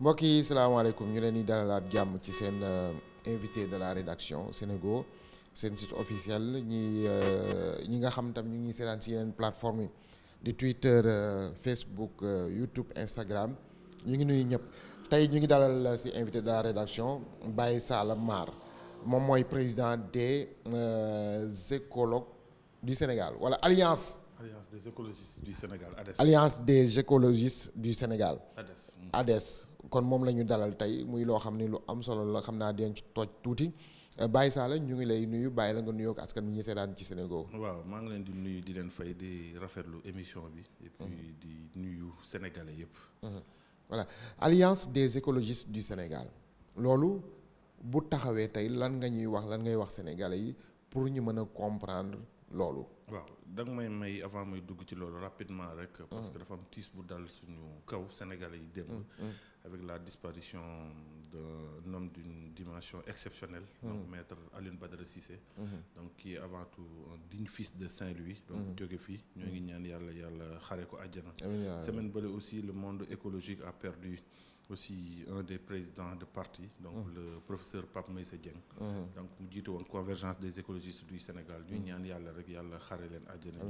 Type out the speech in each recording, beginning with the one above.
mbokk yi salaamaaleykum ñu leen di dalalaat jàmm ci seen euh, invité de la rédaction Sénégo seen site officiel ñi euh, ñi nga xam tam ñu ngi seetaan si yeneen plateforme yi di Twitter euh, Facebook YouTube Instagram ñu ngi nuyu ñëpp tey ñu ngi dalal si invité de la rédaction Baye Salla Mar moom mooy président des écologues du Sénégal wala alliance alliance des écologistes du Sénégal ADES. des écologistes du Sénégal. ADES ADES kon moom la ñu dalal tey muy loo xam ni lu am solo la xam naa denc tooj tuuti eh, bàyyi saa la ñu ngi lay nuyu bàyyi la nga nuyoog askan mi ñu seetaan ci Sénégal. waaw maa ngi leen di nuyu di leen fay di rafetlu émission bi. et mm-hmm. di nuyu sénégalais yëpp. Mm-hmm. voilà alliance des écologistes du Sénégal loolu bu taxawee tey lan nga ñuy wax lan ngay wax sénégalais yi pour ñu mën a comprendre loolu. waaw da nga may may avant may dugg ci loolu rapidement rek. Mm. parce que dafa am tiis bu dal suñu kaw Sénégalais yi démb. Mm, mm. avec la disparition d'un homme d'une dimension exceptionnelle. donc maître Alioune Badara Cissé. Mm-hmm. donc qui est avant tout un digne fils de Saint-Louis. donc mm-hmm. jóge fii ñoo ngi mm-hmm. ñaan yàlla yàlla xare ko àjjana. semaine bële aussi le monde écologique a perdu. aussi un des présidents de parti donc mmh. le professeur Pape Meïssa Dieng mmh. donc mu jiite woon convergence des écologistes du Sénégal ñuy mmh. ñaan yàlla rek yàlla xare leen àjjana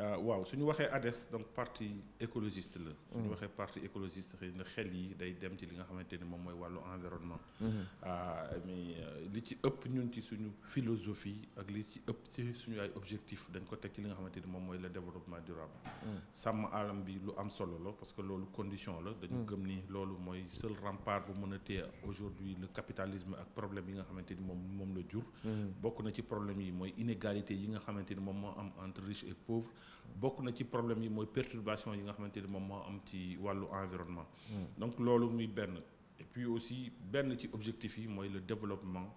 Euh, waaw suñu waxee ADES donc parti écologiste la suñu mm-hmm. waxee parti écologiste xëy na xel yi day dem ci li nga xamante ni moom mooy wàllu environnement mm-hmm. euh, mais euh, li ci ëpp ñun ci suñu philosophie ak li ci ëpp ci suñu ay objectif dañ ko teg ci li nga xamante ni moom mooy le développement durable mm-hmm. sàmm alam bi lu am solo la parce que loolu condition la dañu gëm ni loolu mooy seul rempart bu mën a téye aujourd'hui le capitalisme ak problème yi nga xamante ni moom moom la jur bokk na ci problème yi mooy inégalité yi nga xamante ni moom moo am entre riche et pauvre bokk na ci problème yi mooy perturbation yi nga xamante ni moom moo am ci wàllu environnement. Hmm. donc loolu muy benn et puis aussi benn ci objectif yi mooy le développement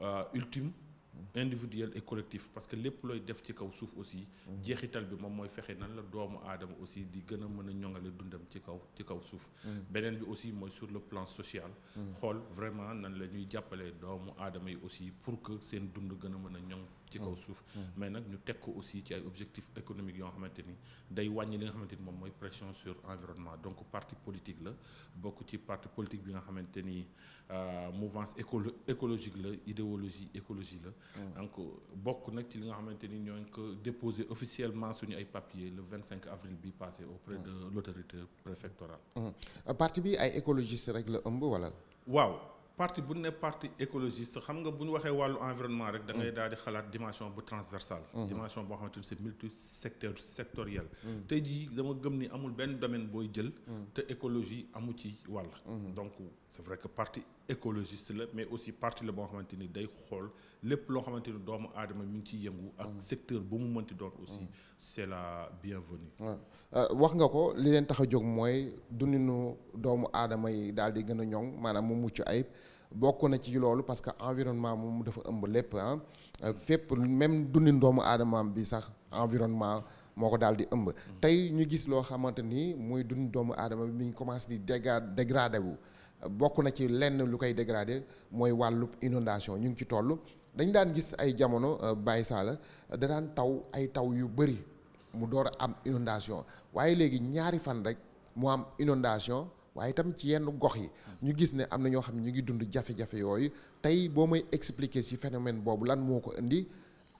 euh, ultime. Hmm. individuel et collectif parce que lépp looy def ci kaw suuf aussi. Hmm. jeexital bi moom mooy fexe nan la doomu aadama aussi di gën a mën a ñoŋale dundam ci kaw ci kaw suuf. beneen bi aussi mooy sur le plan social. xool vraiment nan la ñuy jàppale doomu aadama yi aussi pour que seen dund gën a mën a ñoŋ. ci kaw suuf mm. Mm. mais nag ñu teg ko aussi ci ay objectifs économiques yoo xamante ni day wàññi li nga xamante ni moom mooy pression sur environnement donc parti politique la bokk ci parti politique bi nga xamante ni euh, mouvance écolo écologique la idéologie écologie la mm. donc bokk nag ci li nga xamante ni ñoo ngi ko déposé officiellement suñu ay papiers le 25 avril bi passé auprès de l'autorité préfectorale parti bi ay écologistes rek la ëmb wala waaw parti bu ne parti écologiste xam nga bu ñu waxee wàllu environnement rek. da ngay mm. daal di xalaat dimension bu transversale. Mm-hmm. dimension boo xamante ni c'est multi secteur sectoriel. Mm. tey jii dama gëm ni amul benn domaine booy jël. Mm. te écologie amu ci wàll. Mm-hmm. donc c'est vrai que parti écologiste la mais aussi parti la boo xamante ni day xool lépp loo xamante ni doomu aadama mi ngi ciy yëngu. ak mm. secteur bu mu mënti doon aussi. Mm. c'est la bienvenue. Euh, wax nga ko li leen tax a jóg mooy dundinu doomu aadama yi daal di gën a ñoŋ maanaam mu mucc ayib bokk na ci loolu parce que environnement moom dafa ëmb lépp ah euh, fépp même dundin doomu aadama bi sax environnement. moo ko daal di ëmb mm. tey ñu gis loo xamante ni muy dund doomu aadama bi mi ngi commencé di déga dégradé wu bokk na ci lenn lu koy dégradé mooy wàllu inondation ñu ngi ci toll dañ daan gis ay jamono euh, Baye Sala da daan taw ay taw yu bëri mu door a am inondation waaye léegi ñaari fan rek mu am inondation waaye itam ci yenn gox yi ñu gis ne am na ñoo xam ne ñu ngi dund jafe-jafe yooyu tey boo may expliquer ci phénomène boobu lan moo ko indi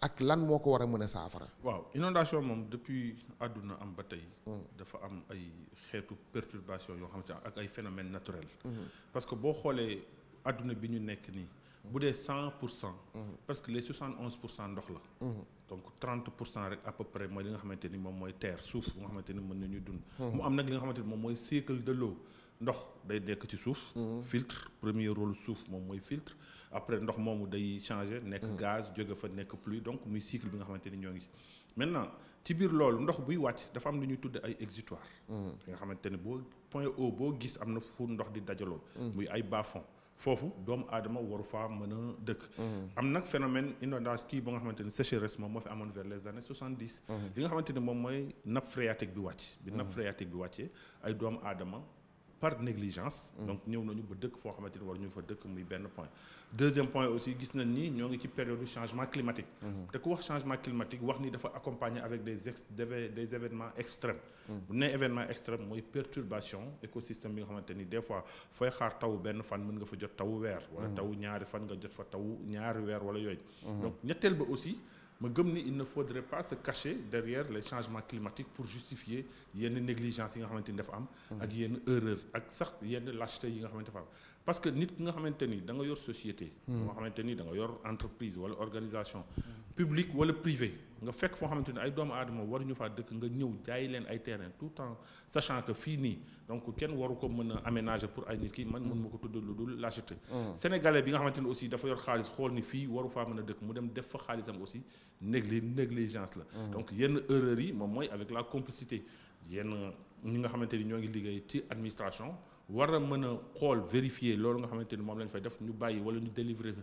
ak lan moo ko war a mën a saafara. waaw inondation moom depuis àdduna am ba tey. dafa am ay xeetu perturbation yoo xamante ne ak ay phénomènes naturel mm-hmm. parce que boo xoolee àdduna bi ñu nekk nii. Mm-hmm. bu dee cent pour cent. Mm-hmm. parce que les soixante onze pour cent ndox la. donc trente pour cent rek à peu près mooy li nga xamante ni moom mooy terre suuf nga xamante ni mën nañu dund. mu am nag li nga xamante ni moom mooy cycle de l'eau ndox day nekk ci suuf. Mhm. filtre premier rôle suuf moom mooy filtre après ndox moomu day changer. nekk mhm. gaz jóge fa nekk pluie donc muy cycle bi nga xamante ni ñoo ngi maintenant ci biir loolu ndox buy wàcc dafa am lu ñuy tudde ay exutoire. Mhm. nga xamante ne boo point haut boo gis am na fu ndox di dajaloo. muy ay bas-fonds foofu doomu aadama waru faa mën a dëkk. am nag phénomène inondation kii ba nga xamante ni sécheresse moom moo fi amoon vers les années soixante dix. li nga xamante ni moom mooy nappe phréatique bi wàcc. bi nappe phréatique bi wàccee ay doomu aadama. par négligence. Mm. donc ñëw nañu ba dëkk foo xamante ni war ñu fa dëkk muy benn point. deuxième point aussi gis nañ ni ñoo ngi ci période changement climatique. Mm-hmm. te ku wax changement climatique wax ni dafa accompagner avec des ex des événements extrêmes. Mm. bu nee événement extrême mooy perturbation écosystème bi nga xamante ni des fois fooy xaar taw benn fan mën nga fa jot taw weer. wala mm-hmm. taw ñaari fan nga jot fa taw ñaari weer wala yooyu. Mm-hmm. donc ñetteel ba ma gëm ni il ne faudrait pas se cacher derrière les changements climatiques pour justifier yenn négligence yi nga xamante ni dafa am. Mm. ak yenn erreur ak sax yenn lâcheté yi nga xamante dafa am. parce que nit ki nga xamante ni danga yor société. Hmm. nga xamante ni da yor entreprise wala organisation. publique wala privée nga fekk foo xamante ni ay doomu aadama waruñu faa dëkk nga ñëw jaay leen ay terrain tout en sachant que fii nii donc kenn waru ko mën a aménager pour ay nit ki man mën ma ko tudd lu dul lâcheté. Hmm. sénégalais bi nga xamante ni aussi dafa yor xaalis xool ni fii waru faa mën a dëkk mu dem def fa xaalisam aussi négli négligence la. Hmm. donc yenn erreurs yi moom mooy avec la complicité yenn ñi nga xamante ni ñoo ngi liggéey ci administration. war a mën a xool vérifier loolu nga xamante ni moom lañ fay def ñu bàyyi wala ñu délivrer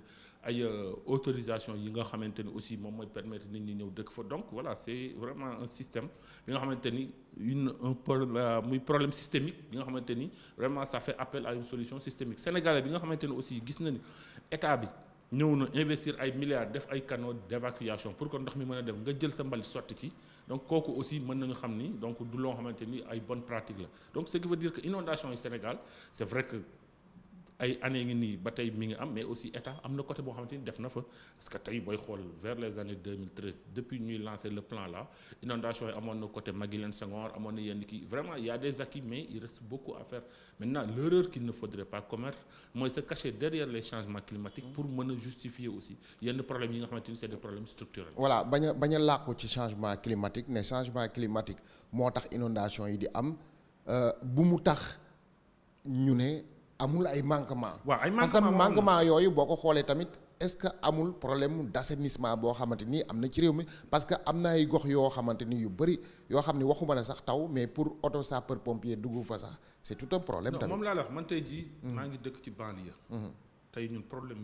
ay euh, autorisation yi nga xamante ni aussi moom mooy permettre nit ñi ñëw dëkk fa donc voilà c'est vraiment un système bi nga xamante ni une un problème muy problème systémique bi nga xamante ni vraiment ça fait appel à une solution systémique sénégalais bi nga xamante ni aussi gis na ni état bi ñëw na investir ay milliards def ay canaux d'évacuation pour que ndox mi mën a dem nga jël sa mbalit sotti ci donc kooku aussi mën nañu xam ni donc du loo xamante ni ay bonne pratique la donc ce qui veut dire que inondation yi Sénégal c'est vrai que ay années ngi nii ba tey mi ngi am mais aussi état am na côté boo xamante ni def na fa parce que tey booy xool vers les années depuis ñuy lancé le plan là inondation yi a des acquis mais il reste beaucoup à faire maintenant l'erreur qu'il ne faudrait pas commettre mooy se cacher derrière les changements climatiques pour mën a justifier aussi yenn problèmes yi nga moo tax inondation yi am euh, bu mu tax ñu ne. amul ay manquement waaw ay manquement manquement yooyu boo ko xoolee tamit est-ce que amul problème d'assainissement boo xamante ni am na ci réew mi parce que am na ay gox yoo xamante ni yu bëri yoo xam ne waxuma ne sax taw mais pour auto sapeur pompier dugg fa sax c'est tout un problème. tamit moom laal wax man tey jii. Mm. maa ngi dëkk ci banlieue. Mm-hmm. tey ñun problème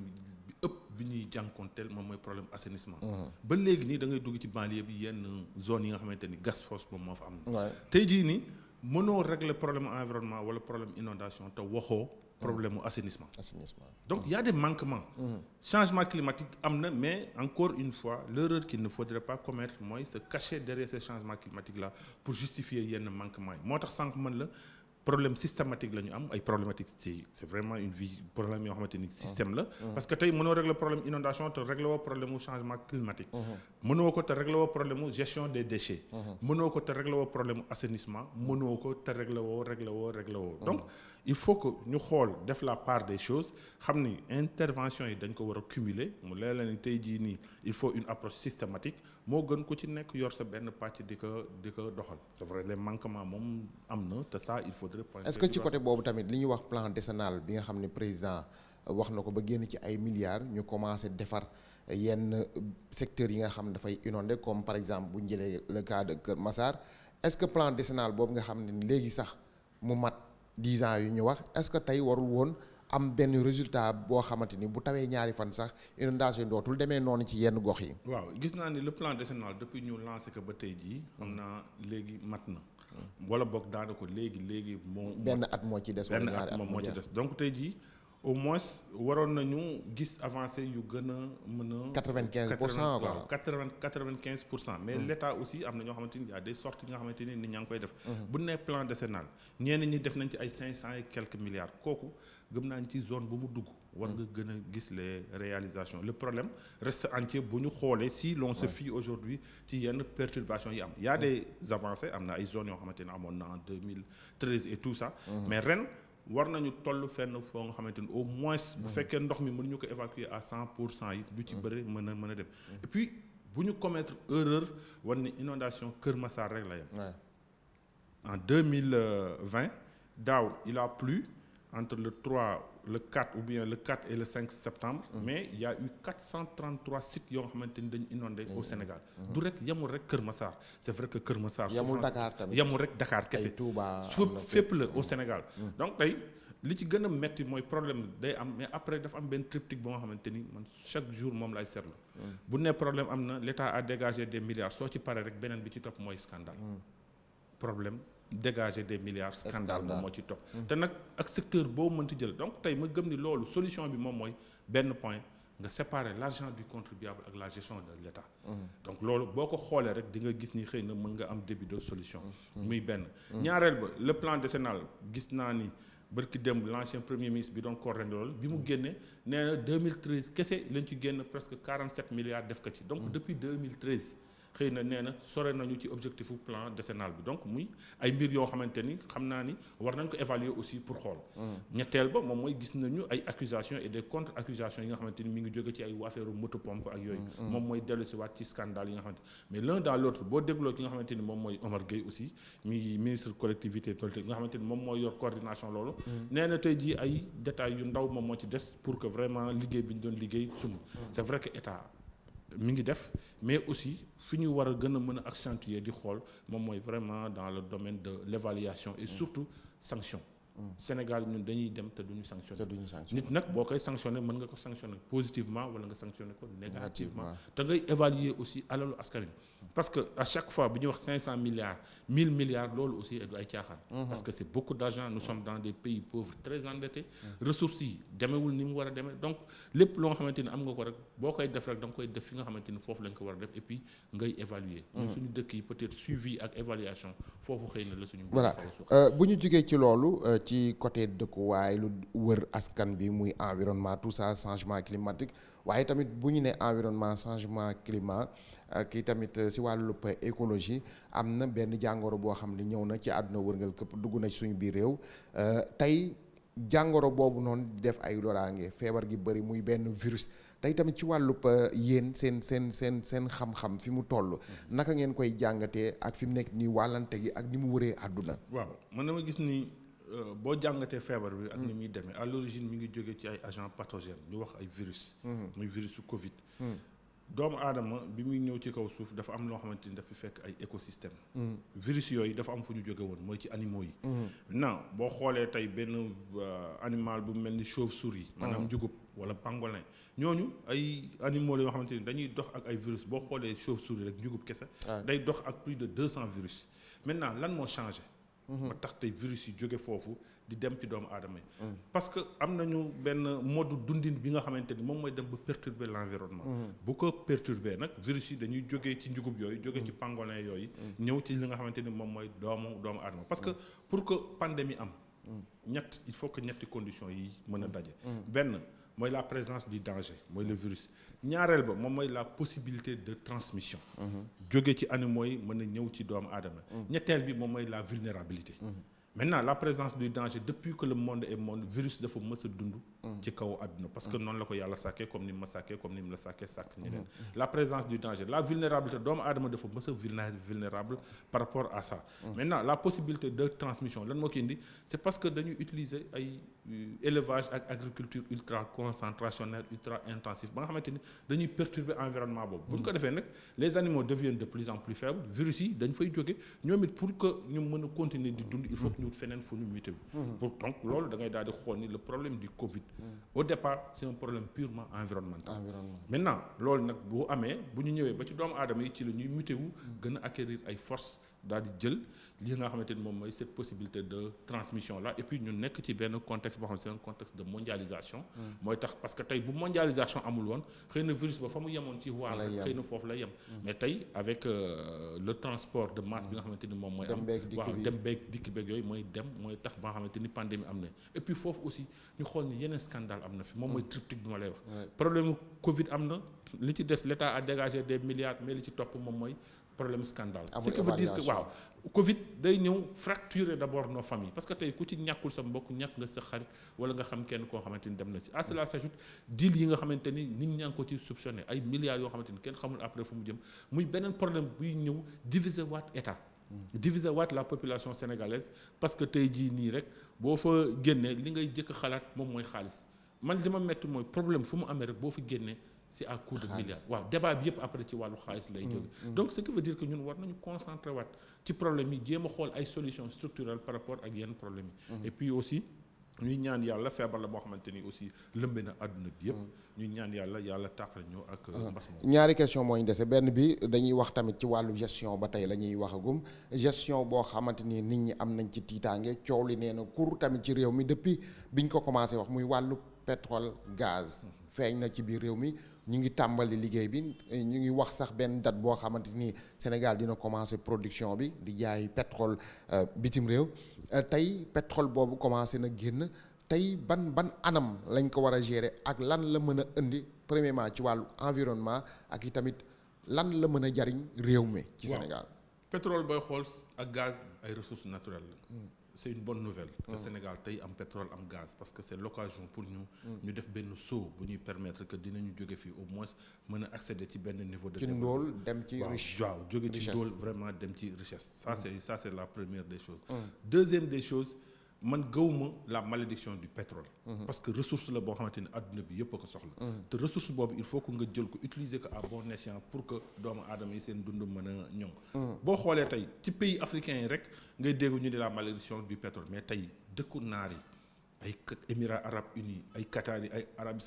bi ëpp bi ñuy teel moom mooy problème assainissement. Mm-hmm. ba léegi nii da dugg ci banlieue bi yenn zone yi xamante ni gas fosse moom moo fa am. tey jii nii mënoo régler problème environnement wala problème inondation te waxoo. problème mu assainissement. donc il y a changement climatique am na mais encore une fois l'erreur qu'il ne faudrait pas commettre mooy se cacher derrière ces changements climatiques là pour justifier yenn manquements yi moo tax sànq man la problème système la. parce que tey mënoo régler problème inondation te régler woo problème changement climatique. mënoo ko te régler woo problème assainissement mënoo ko te régler woo régler woo régler woo il faut que ñu xool def la part des choses xam ni intervention yi dañ ko war a cumuler mu leela ni tey jii nii il faut une approche systématique moo gën ko ci nekk yor sa benn pàcc di ko di ko doxal c'est vrai les manquements moom am na te ça il faudrait pointer est-ce que ci côté boobu tamit li ñuy wax plan décennal bi nga xam ne président euh, wax na ko ba génn ci ay milliards ñu commencé defar euh, yenn euh, secteurs yi nga xam ne dafay inondé comme par exemple bu ñu jëlee le cas de Kër Massar est-ce que plan décennal boobu nga xam ne léegi sax mu mat dix ans yu ñu wax est-ce que tey warul woon am benn résultat boo xamante ni bu tawee ñaari fan sax inondation dootul demee noonu ci yenn gox yi. waaw gis naa ni le plan décennal depuis ñu lancé ko ba tey jii. xam naa léegi mat na. wala boog daanaka léegi léegi moo. benn at moo ci des. wala ñaari at moo ci des donc tey jii. au moins waroon nañu gis avancé yu gën a mën a. quatre vingt quinze pour cent pour cent. mais hmm. l' état aussi am na ñoo xamante ni y a des sorties yi nga xamante ni nit ñaa ngi koy def. Hmm. bu ne plan décennal ñenn ñi def nañ ci ay milliards kooku gëm naa ci zone bu mu dugg. war nga hmm. gën gis les réalisations le problème reste entier bu ñu xoolee si l'on se fie aujourd'hui ci yenn perturbations yi am y a des avancées am na ay zones yoo xamante ni amoon na en deux et tout ça. mais ren. war nañu toll fenn foo nga xamante ni au moins. bu mhm. fekkee ndox mi mënuñu ko évacuer à cent pour cent yi. du ci mhm. bëri mën a mën a dem. Mhm. et puis bu ñu commettre erreur war ni inondation Kër Massar rek la yem. en deux mille vingt daaw il a plu entre le 3 le 4 ou bien le 4 et le septembre. Mhm. mais y' cent eu 433 sites yoo xamante ni dañu inondé au mhm. Sénégal. Mhm. du rek yemul rek Kër Massar c' est vrai que Kër Massar. yemul Dakar tamit yemul rek Dakar kese. Touba fépp la au Sénégal. donc tey li ci gën a metti mooy problème day am mais après dafa am benn triptyque boo xamante ni man chaque jour moom lay seetlu. bu ne problème am na l' état a dégagé des milliards soo ci paree rek beneen bi ci topp mooy scandale problème. dégager des milliards scandale moom moo ci topp te nag ak secteur boo mën ci jël donc tey ma gëm ni loolu solution bi moom mooy benn point nga séparer l'argent du contribuable ak la gestion de l'État mhm. donc loolu boo ko xoolee rek di nga gis ni xëy na mën nga am début de solution mhm. muy benn mhm. ñaareel ba le plan décennal gis naa ni bërki démb l'ancien premier ministre bi doon coordonné loolu bi mu génnee nee na 2013 kese lañ ci génn presque 47 milliards def ko ci donc depuis 2013 xëy na nee na sore nañu ci objectif plan décennal bi donc muy ay mbir yoo xamante ni xam naa ni war nañ ko évaluer aussi pour xool. Mm-hmm. ñetteel ba moom mooy gis nañu ay accusations et des contre accusations yi nga xamante ni mi ngi jóge ci ay affaire moto pompe ak yooyu. Mm-hmm. moom mooy dellusiwaat ci scandale yi nga xamante mais l'un dans l'autre boo dégloo ki nga xamante ni moom mooy Omar Gueye aussi mi ministre collectivité nga xamante ni moom mooy yor coordination loolu. Mm-hmm. nee na moom moo ci des pour que vraiment liggéey bi ñu doon liggéey sumb. c'est mi ngi def mais aussi fi ñu war a gën a mën a accentuer di xool moom mooy vraiment dans le domaine de l'évaluation et surtout sanction Sénégal ñun dañuy dem te duñu sanctionné. nit nag boo koy sanctionné mën nga ko sanctionné positivement wala nga sanctionné ko négativement. te ngay évaluer aussi alalu askan mm. parce que à bu ñuy wax milliards loolu aussi du ay caaxaan. Mm-hmm. parce que c'est beaucoup d'argent nous sommes dans des pays pauvres très endettés. Mm. ressources yi demewul ni mu war a demee donc lépp loo nga xamante am nga ko rek boo koy def rek da nga koy def fi nga xamante foofu lañ ci côté dëkkuwaay lu wër askan bi muy environnement tout ça changement climatique waaye tamit bu ñu ne environnement changement climat euh, kii tamit euh, si wàllub écologie am na benn jàngoro boo xam ne ñëw na ci àdduna wërngal këpp dugg na suñu biir réew euh, tey jàngoro boobu noonu def ay loraange feebar gi bëri muy benn virus tey tamit ci wàllub yéen seen seen seen seen xam fi mu toll naka ngeen koy jàngatee ak fi mu nekk nii wàllante gi ak ni mu wëree àdduna waaw man dama gis ni Euh, boo jàngatee feebar bi ak ni mm. muy demee à l'origine mi ngi jóge ci ay agents pathogènes ñu wax ay virus mm-hmm. muy virus su Covid mm. doomu aadama bi muy ñëw ci kaw suuf dafa am loo xamante ni dafa fekk ay écosystème mm. virus yooyu dafa am fu ñu jóge woon mooy ci animaux yi mm-hmm. maintenant boo xoolee tey benn euh, animal bu mel ni chauve-souris maanaam njugub wala pangolin ñooñu ay animaux la yoo xamante ni dañuy dox ak ay virus boo xoolee chauve-souris rek njugub kese day dox ak plus de deux cents virus maintenant lan moo changé ba tax tey virus yi jóge foofu di dem ci doomu aadama yi. parce que am nañu benn mode dundin bi nga xamante ni moom mooy dem ba perturber l' environnement. bu ko perturber nag virus yi dañuy jógee ci njugub yooyu. jóge ci pangolin yooyu. ñëw ci li nga xamante ni moom mooy doomu doomu aadama parce que pour que pandémie am. ñett il faut que ñetti condition yi mën a daje. Mm. mooy la présence du danger mooy le virus ñaareel ba moom mooy la possibilité de transmission jóge ci animaux yi mën a ñëw ci doomu aadama ñetteel bi moom mooy la vulnérabilité maintenant la présence du danger depuis que le monde est monde virus dafa mës dund ci kaw àdduna parce que noonu la ko yàlla sàkkee comme ni ma sàkkee comme ni mu sàkkee sàkk ñeneen la présence du danger la vulnérabilité doomu aadama dafa mës a par rapport à ça maintenant la Euh, élevage ak agriculture ultra concentrationnelle ultra intensive ba nga xamante ni dañuy perturber environnement boobu. bu ñu ko defee nag les animaux deviennent de plus en plus faibles virus yi dañ fay jóge ñoom it pour que ñu mën continuer di dund. il faut que ñu feneen fu ñu muté bi mmh. pour donc loolu da ngay daal di xool ni le problème du Covid. Mmh. au départ c' est un problème purement environnemental. maintenant loolu nag bu amee bu ñu ñëwee ba ci doom aadama yi la ñuy muté wu. Mmh. gën a daal di jël li nga xamante ni moom mooy cette possibilité de transmission la et ñu nekk ci benn contexte boo xam ne c'est contexte de mondialisation. Mm. mooy tax parce que tey bu mondialisation amul woon xëy na virus ba fa mu yemoon ci waa rek xëy na foofu la yem. Mm. mais tey avec euh, le transport de masse bi nga mm. xamante ni moom mooy. am waaw dem beeg dikk beeg yooyu mooy dem mooy tax ba nga xamante ni pandémie am na et foofu aussi ñu xool ni yeneen scandale am na fi moom mooy triptyque bi ma lay wax. problème Covid am na li ci des l'État a dégagé des mais li ci topp moom mooy. problème scandale ce qui veut dire que waaw covid day ñëw fracturer d'abord nos familles parce que tey ku ci ñàkkul sa mbokk ñàkk nga sa xarit wala nga xam kenn koo xamante ni dem na ci à cela s'ajoute deal yi nga xamante ni nit ñaa ngi ko ci soupçonné ay milliards yoo xamante ni kenn xamul après fu mu jëm muy beneen problème buy ñëw diviser waat état hmm. diviser waat la population sénégalaise parce que tey jii nii rek boo fa génnee li ngay jëkk xalaat moom mooy xaalis man li ma mooy problème fu mu amee boo fa génnee c'est à coût de milliards waaw débat bi yëpp après ci wàllu xaalis lay mm, jóge mm. donc ce qui veut dire ñun war nañu concentré waat ci problème yi jéem a xool ay solutions structurelles par rapport ak yenn problème yi mm. et puis aussi ñuy ñaan yàlla feebar la boo xamante ni aussi lëmbe na àdduna bi yëpp ñuy ñaan yàlla yàlla tàqal ñoo ak ah. mbas moom ñaari question mooy dese benn bi dañuy wax tamit ci wàllu gestion ba tey la ñuy waxagum gestion boo xamante ni nit ñi am nañ ci tiitaange coow li nee na kur tamit ci réew mi depuis biñ ko commencé wax muy wàllu pétrole gaz mm-hmm. feeñ na ci biir réew mi ñu ngi tàmbali liggéey bi eh, ñu ngi wax sax benn date boo xamante ni Sénégal dina commencé production bi di jaay pétrole eh, bitim réew eh, tey pétrole boobu commencé na génn tey ban ban anam lañ ko war a gérer ak lan la mën a indi premièrement ci wàllu environnement ak i tamit lan la mën a jariñ réew mi. ci Sénégal pétrole booy xool ak gaz ay ressources naturelles la. Hmm. c'est une bonne nouvelle. que mm. Sénégal tey am pétrole am gaz parce que c'est l'occasion pour mm. ñu. def benn saut bu ñuy permettre que dinañu jóge fii au moins mën a accéder ci benn niveau. de développement ci ndóol dem ci riche. waaw jóge ci ndóol vraiment dem ci richesse. ça mm. c'est ça c'est la première des choses. deuxième des choses. man gëwuma la malédiction du pétrole. parce que ressource la boo xamante ni adduna bi yëpp a ko soxla. te ressource boobu il faut que nga jël ko utiliser ko à bon escient pour que doomu aadama yi seen dund mën a ñoŋ. boo xoolee tey ci pays africains yi rek ngay dégg ñu ne la malédiction du pétrole mais tey dëkku naar yi ay Émirats arabes unis ay Qatar yi ay Arabie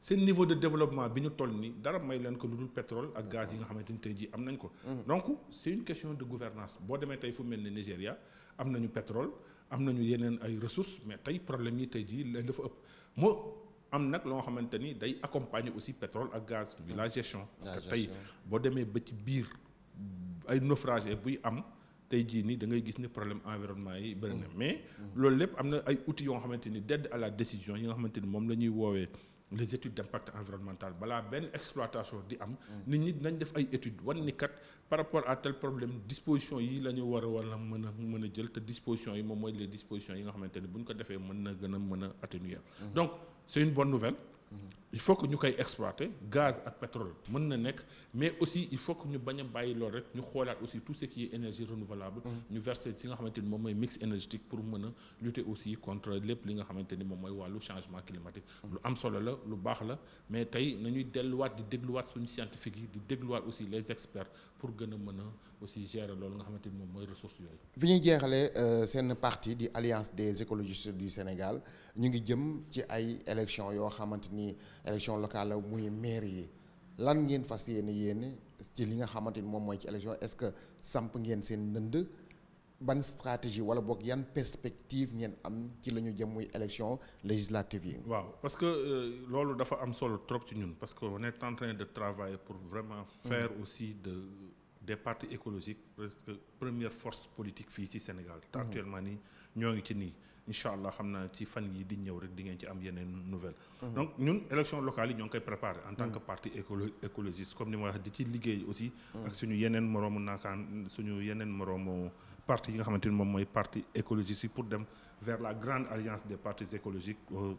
seen niveau de développement bi ñu toll nii dara may leen ko lu dul pétrole ak gaz yi nga xamante ni tey jii am nañ ko. Mm. donc c' est une de gouvernance boo demee tey fu mel ne Nigéria am nañu pétrole. am nañu yeneen ay ressources mais tey problème yi tey jii lañ dafa ëpp moo am nag loo xamante ni day accompagner aussi pétrole ak gaz la gestion parce que tey boo demee ba ci biir ay naufragé buy am tey jii nii da ngay gis ne problème environnement yi bëri na mm. mais mm. loolu lépp am na ay outils yoo xamante ni d'aide à la décision yi xamante ni moom la ñuy woowee les études d'impact environnemental balaa benn exploitation di am. nit ñi dinañ def ay études wan ni kat par rapport à tel problème disposition yi la ñu war a war a mën a mën a jël te disposition yi moom mooy les dispositions yi nga xamante ni bu ñu ko defee mën na gën a mën a atténuer. Mmh. donc c'est une bonne nouvelle. il faut que ñu koy exploiter gaz ak pétrole mën na nekk mais aussi il faut que ñu bañ a bàyyi loolu rek ñu xoolaat aussi tout ce qui est énergie renouvelable. Mm-hmm. ñu verser ci nga xamante ni moom mooy mix énergétique pour mën a lutter aussi contre lépp li nga xamante moom mooy wàllu changement climatique. Mm-hmm. lu am solo la lu baax la mais tey nañuy delluwaat di dégluwaat suñu scientifique yi di dégluwaat aussi les experts pour gën a mën a aussi gérer loolu nga xamante mooy ressources yooyu. fi ñuy jeexalee euh, seen parti di alliance des écologistes du Sénégal ñu ngi jëm nii élection locale la muy maire yi lan ngeen fas yéene yéene ci li nga xamante ni moom mooy ci élection est-ce que samp ngeen seen ndënd ban stratégie wala boog yan perspective ngeen am ci lañu jëm muy élection législative yi. waaw parce que euh, loolu dafa am solo trop ci ñun parce que on est en de travailler pour vraiment mm. faire aussi de des partis écologiques presque première force politique fii ci Sénégal te mhm. actuellement nii ñoo ngi ci nii incha allah xam na ci fan yii di ñëw rek di ngeen ci am yeneen nouvelle mhm. donc ñun élection locale yi ñoo ngi koy préparer en tant mhm. que parti écolo écologiste comme ni ma wax di ci liggéey aussi suñu yeneen moroomu naakaan suñu yeneen moroomu parti yi nga xamante ni moom mooy parti écologiste yi pour dem vers la grande alliance des partis écologiques euh,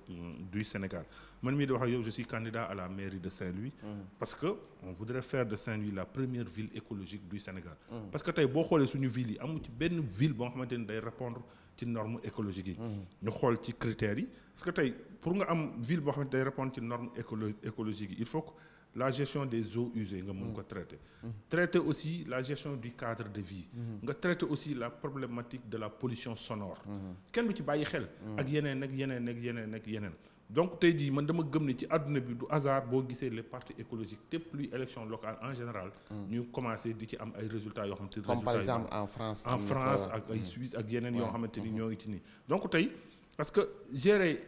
du Sénégal man mii di wax ak yow je suis candidat la mairie de Saint-Louis que on voudrait faire de la première ville écologique du Sénégal tey boo xoolee suñu ville yi amul ci benn ville boo xamante ni day répondre ci norme écologique yi. Mhm. ñu xool ci critères yi parce que tey pour nga am ville boo xamante day ci norme écolo écologique yi il faut que la gestion des eaux usées nga mun mhm. ko traité mhm. traité aussi la gestion du cadre de vie. nga traité aussi la problématique de la pollution sonore. kenn du ci bàyyi xel. ak yeneen ak yeneen ak yeneen ak yeneen. donc tey jii man dama gëm ne ci àdduna bi du hasard boo gisee les partis écologique tépp luy élection locale en général. Hmm. ñu commencé di ci am ay résultats yoo xamante ni. comme par exemple en France. en France ak ay hmm. Suisse ak yeneen yoo xamante ni hmm. ñoo ngi ci nii. donc tey parce que gérer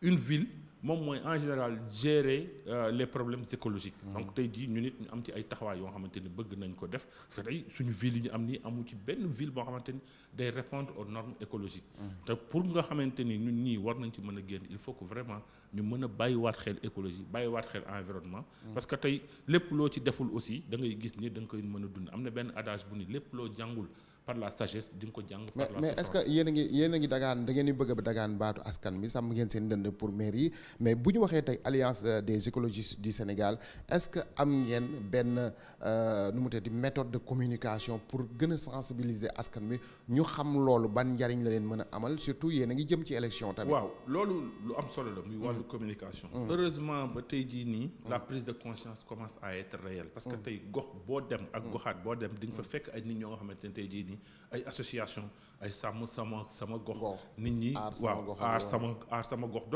une ville. moom mooy en général gérer euh, les problèmes écologiques. Mhm. donc tey jii ñu nit ñu am ci ay taxawaay yoo xamante ni bëgg nañ ko def parce que tey suñu ville ñu am nii amu ci benn ville boo xamante ni day répondre aux normes écologiques. Mhm. te pour nga xamante ni ñun ñii war nañ ci mën a génn il faut que vraiment ñu mën a bàyyiwaat xel écologie waat xel environnement. Mhm. parce que tey lépp loo ci deful aussi dangay gis ni da nga koy mën a dund am na benn adage bu ni lépp loo jàngul. par la sagesse di jàng. par la mais est a ngi yéen bëgg a dagaan baatu askan bi sàmm ngeen seen dënd pour maire mais bu ñu waxee tey alliance euh, des écologistes du Sénégal est-ce que am yenn benn euh, nu mu di méthode de communication pour gën a sensibiliser askan bi ñu xam loolu ban njariñ la leen mën a amal surtout yéen a ngi jëm ci élection tamit. waaw loolu lu am solo la muy wàllu mm. communication. Mm. heureusement ba tey jii nii. Mm. la prise de conscience commence à être réelle. parce que tey gox boo dem ak goxaat boo dem di nga fa fekk ay nit ñoo nga xamante ne tey jii nii ay association ay sàmm sama sama gox. nit ñi waaw sama sama gox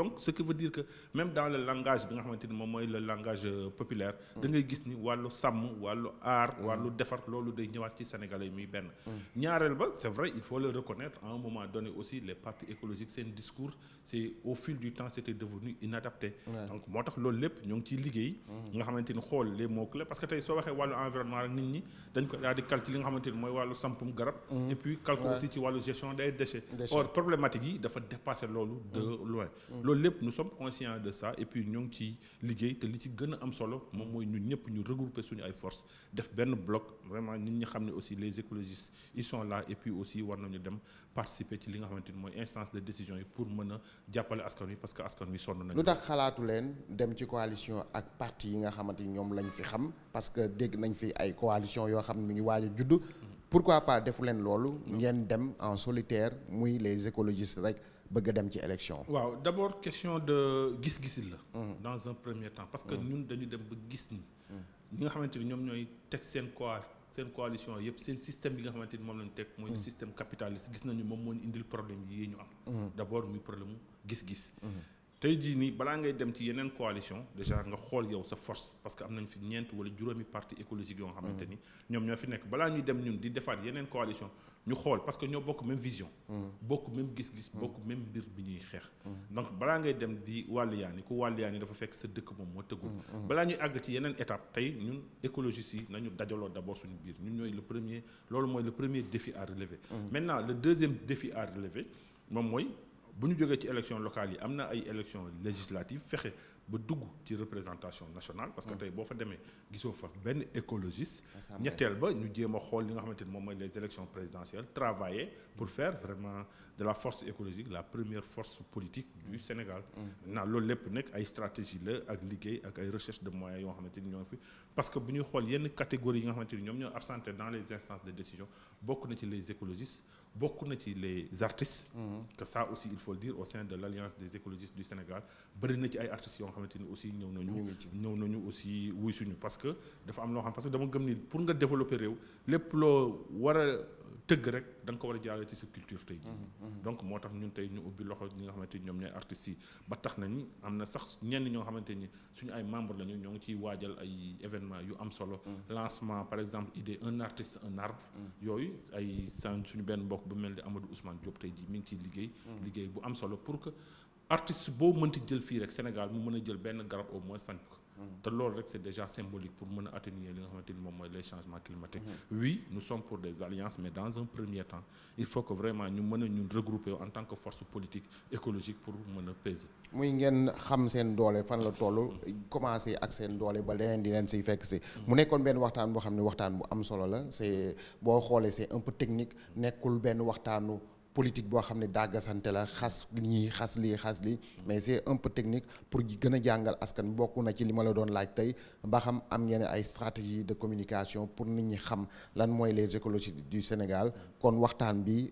même dans le langage bi nga xamante mooy le langage euh, populaire. Mm. da gis ni wàllu sàmm wàllu aar. Mm. wàllu defar loolu day ñëwaat ci sénégalais yi muy benn. Mm. ñaareel ba c'est vrai il faut le reconnaître à un moment donné aussi les partis écologiques seen discours c'est au fil du temps c'était devenu inadapté. donc moo tax loolu lépp ñoo ngi ciy liggéey. nga xamante xool les mooy wàllu sampum garab. et puis ci wàllu gestion des déchets. or problématique conscient de ça et puis ñoo ngi ciy liggéey te li ci gën am solo moom mooy ñun ñëpp ñu regrouper suñu ay forces def benn bloc vraiment nit ñi xam ne aussi les écologistes ils sont là et puis aussi war nañu dem participer ci li nga xamante ni mooy instance de décision yi pour mën a jàppale askan wi parce que askan wi sonn nañu. lu tax xalaatu leen dem ci coalition ak parti yi nga xamante ni ñoom lañ fi xam parce que dégg nañ fi ay coalition yoo xam ne mi ngi waaj a pour mm-hmm. pourquoi pas defu leen loolu. Mm-hmm. ngeen dem en solitaire muy les écologistes rek. bëgg dem ci élection. waaw d' abord question de gis-gisin la. Mm-hmm. dans un premier temps. parce que mm-hmm. ñun dañu dem ba gis ni. Mm-hmm. ñi nga xamante ni ñoom ñooy teg seen quoi seen coalition yëpp seen système bi nga xamante ni moom lañu teg. mooy système capitaliste gis nañu moom moo ñu indil problème yi ñu am. d' abord muy problème gis-gis. tey jii nii balaa ngay dem ci yeneen coalition déjà nga xool yow sa force parce que am nañ fi ñeent wala juróomi parti écologique yoo nga xamante ni ñoom ñoo fi nekk balaa ñuy dem ñun di defaat yeneen coalition ñu xool parce que ñoo bokk même vision bokk même gis-gis bokk même mbir bi ñuy xeex donc balaa ngay dem di wàlliyaani ku wàlliyaani dafa fekk sa dëkk moom moo tëggul balaa ñuy àgg ci yeneen étape tey ñun écologistes yi nañu dajaloo d'abord suñu biir ñun ñooy le premier loolu mooy le premier défi à relever mm. maintenant le deuxième défi à moom mooy bu ñu jógee ci élection locale yi am na ay élection législative fexe ba dugg ci représentation nationale parce que mm. tey boo fa demee gisoo fa benn écologiste ñetteel ba ñu jéem a xool li nga xamante ni moom mooy les élections présidentielles travailler pour mm. faire vraiment de la force écologique la première force politique du mm. Sénégal naa loolu lépp nekk ay stratégie la ak liggéey ak ay recherche de moyens yoo xamante ni ñoo fi parce que bu ñuy xool yenn catégorie yi nga xamante ñoom ñoo absenté dans les instances de décision bokk na ci les écologistes bokk na ci les artistes. Mhm. que ça aussi il faut le dire au sein de l' alliance des écologistes du Sénégal bëri na ci ay artistes yoo xamante ni aussi ñëw nañu. ñëw nañu aussi wuy suñu parce que dafa am loo xam parce que dama gëm ni pour nga développer réew lépp loo war a tëgg rek da ko war a jaarale ci sa culture tey jii mm-hmm, mm-hmm. donc moo tax ñun tey ñu ubbi loxo ñi nga xamante ni ñoom ñooy artistes yi ba tax nañ am na sax ñenn ñoo xamante ni suñu ay membre lañu ñoo ngi ciy waajal ay événement yu am solo mm-hmm. lancement par exemple idée un artiste un arbre yooyu ay san suñu benn mbokk bu mel ni Amadou Ousmane Diop tey jii mi ngi ciy liggéey liggéey bu am solo pour que artiste boo mënti jël fii rek Sénégal mu mën a jël benn garab au moins sant te loolu rek c'est déjà symbolique pour mën a atténuer li nga xamante ni moom mooy les changements climatiques. Mm-hmm. oui nous sommes pour des alliances mais dans un premier temps il faut que vraiment ñu mën a ñun regrouper en tant que force politique écologique pour mën a peser. muy ngeen xam seen doole fan la toll. commencer ak seen doole ba leneen di leen siy fekk si. Mm-hmm. mu nekkoon benn waxtaan boo xam ne waxtaan bu am solo la c'est boo xoolee c'est un peu technique nekkul benn waxtaanu. politique boo xam ne dàggasante la xas ñii xas lii xas lii mais c'est un peu technique pour gën a jàngal askan bokk na ci li ma la doon laaj tey ba xam am ngeen ay stratégie de communication pour nit ñi xam lan mooy les écologistes du Sénégal kon waxtaan bi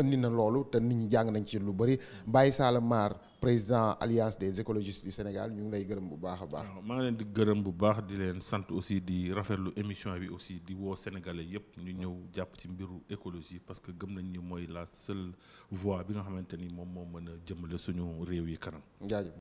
indi na loolu te nit ñi jàng nañ ci lu bëri bàyyi Sall Mar président alliance des écologistes du Sénégal ñu ngi lay gërëm bu baax a baax. maa ngi leen di gërëm bu baax di leen sant aussi di rafetlu émission bi aussi di woo sénégalais yëpp ñu ñëw jàpp ci mbiru écologie parce que gëm nañ ni mooy la seule voie bi nga xamante ni moom moo mën a jëmale suñu réew yi kanam.